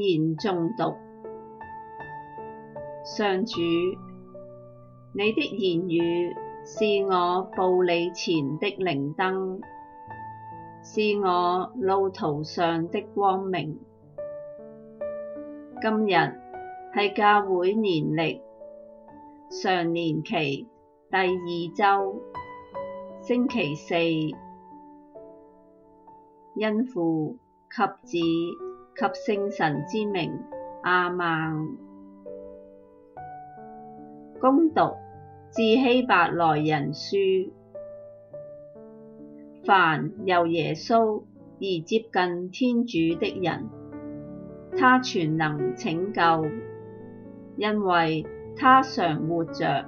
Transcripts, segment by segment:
言中讀，上主，你的言語是我步履前的靈燈，是我路途上的光明。今日係教會年曆常年期第二週，星期四，因父及子。及聖神之名阿孟。恭讀，致希伯來人書，凡由耶穌而接近天主的人，他全能拯救，因為他常活着，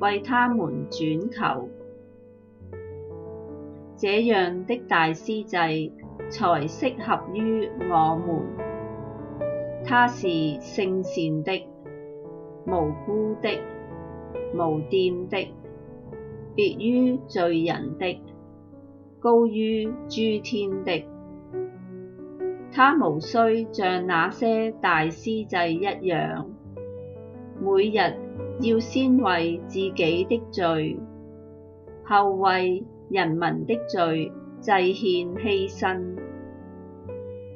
為他們轉求。這樣的大司祭。才適合於我們。他是聖善的、無辜的、無玷的、無玷的、別於罪人的、高於諸天的。他無須像那些大司祭一樣，每日要先為自己的罪，後為人民的罪。祭獻犧牲，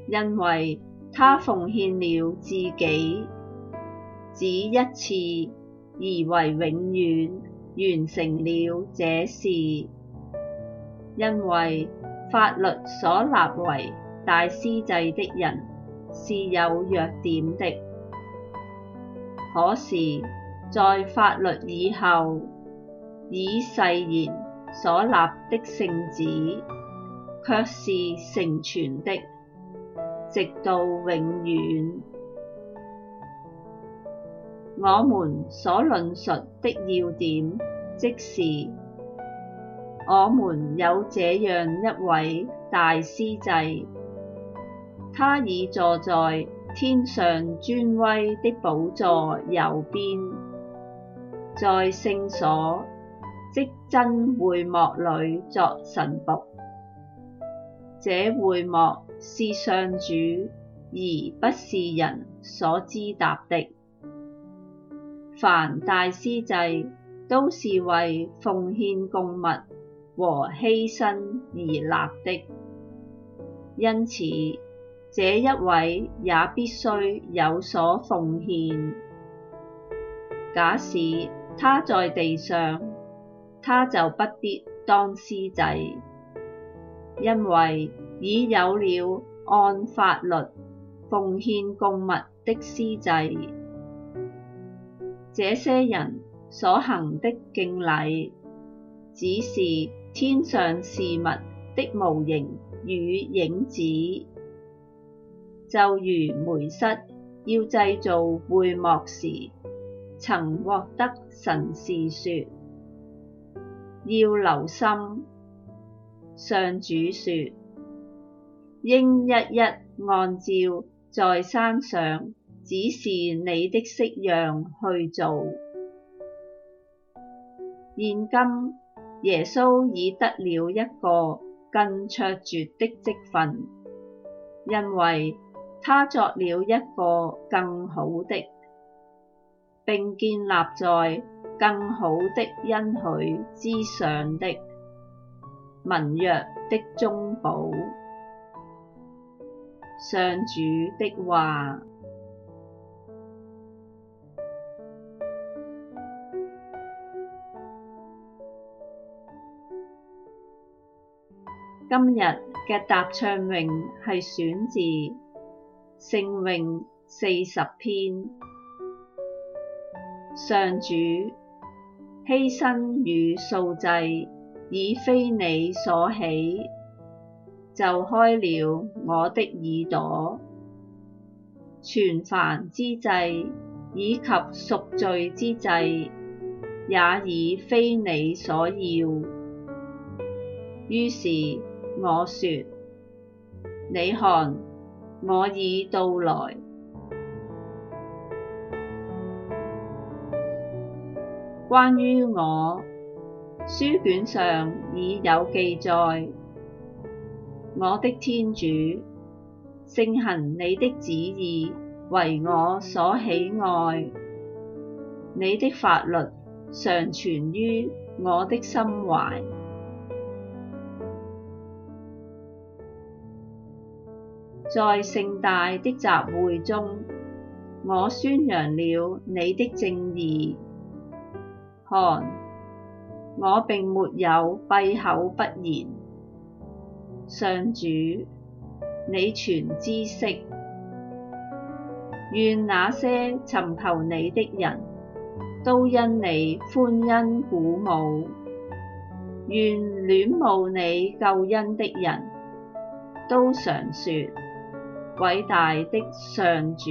因為他奉獻了自己，只一次而為永遠完成了這事。因為法律所立為大司祭的人是有弱點的，可是，在法律以後，以誓言所立的聖子。卻是成全的，直到永遠。我們所論述的要點，即是我們有這樣一位大司祭，他已坐在天上尊威的寶座右邊，在聖所，即真會幕裏作臣僕。這會幕是上主，而不是人所支搭的。凡大司祭都是為奉獻供物和犧牲而立的，因此這一位也必須有所奉獻。假使他在地上，他就不必當司祭。因為已有了按法律奉獻供物的司祭，這些人所行的敬禮，只是天上事物的模型與影子，就如梅瑟要製造會幕時，曾獲得神示說：要留心。上主説：應一一按照在山上指示你的式樣去做。現今耶穌已得了一個更卓絕的職份，因為他作了一個更好的，並建立在更好的恩許之上的，盟約的中保。上主的話。今日嘅答唱詠係選自聖詠四十篇。上主犧牲與素祭。已非你所喜，就開了我的耳朵。全燔之祭以及贖罪之祭，也已非你所要。於是我說：你看，我已到來。關於我。書卷上已有記載：我的天主，承行你的旨意為我所喜愛，你的法律常存於我的心懷。在盛大的集會中，我宣揚了你的正義，看，我並沒有閉口不言，上主，你全知悉。願那些尋求你的人，都因你歡欣鼓舞；願戀慕你救恩的人，都常説：偉大的上主！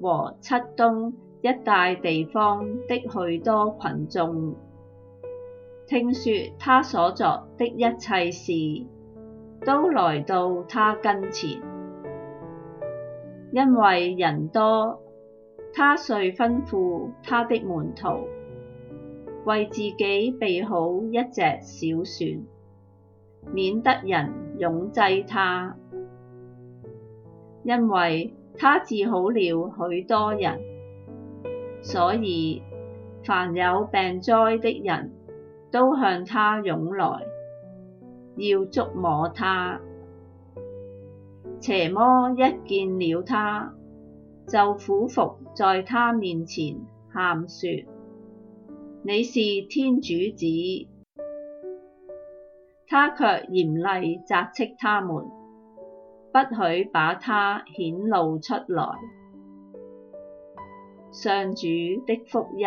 和漆東一帶地方的許多群眾，聽說他所作的一切事，都來到他跟前，因為人多，他遂吩咐他的門徒，為自己備好一隻小船，免得人擁擠他，因為，他治好了許多人，所以凡有病災的人都向他湧來，要觸摸他。邪魔一見了他，就俯伏在他面前喊說：「你是天主子！」他卻嚴厲責斥他們。不許把他顯露出來。上主的福音。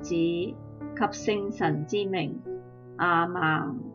及子及聖神之名，阿們。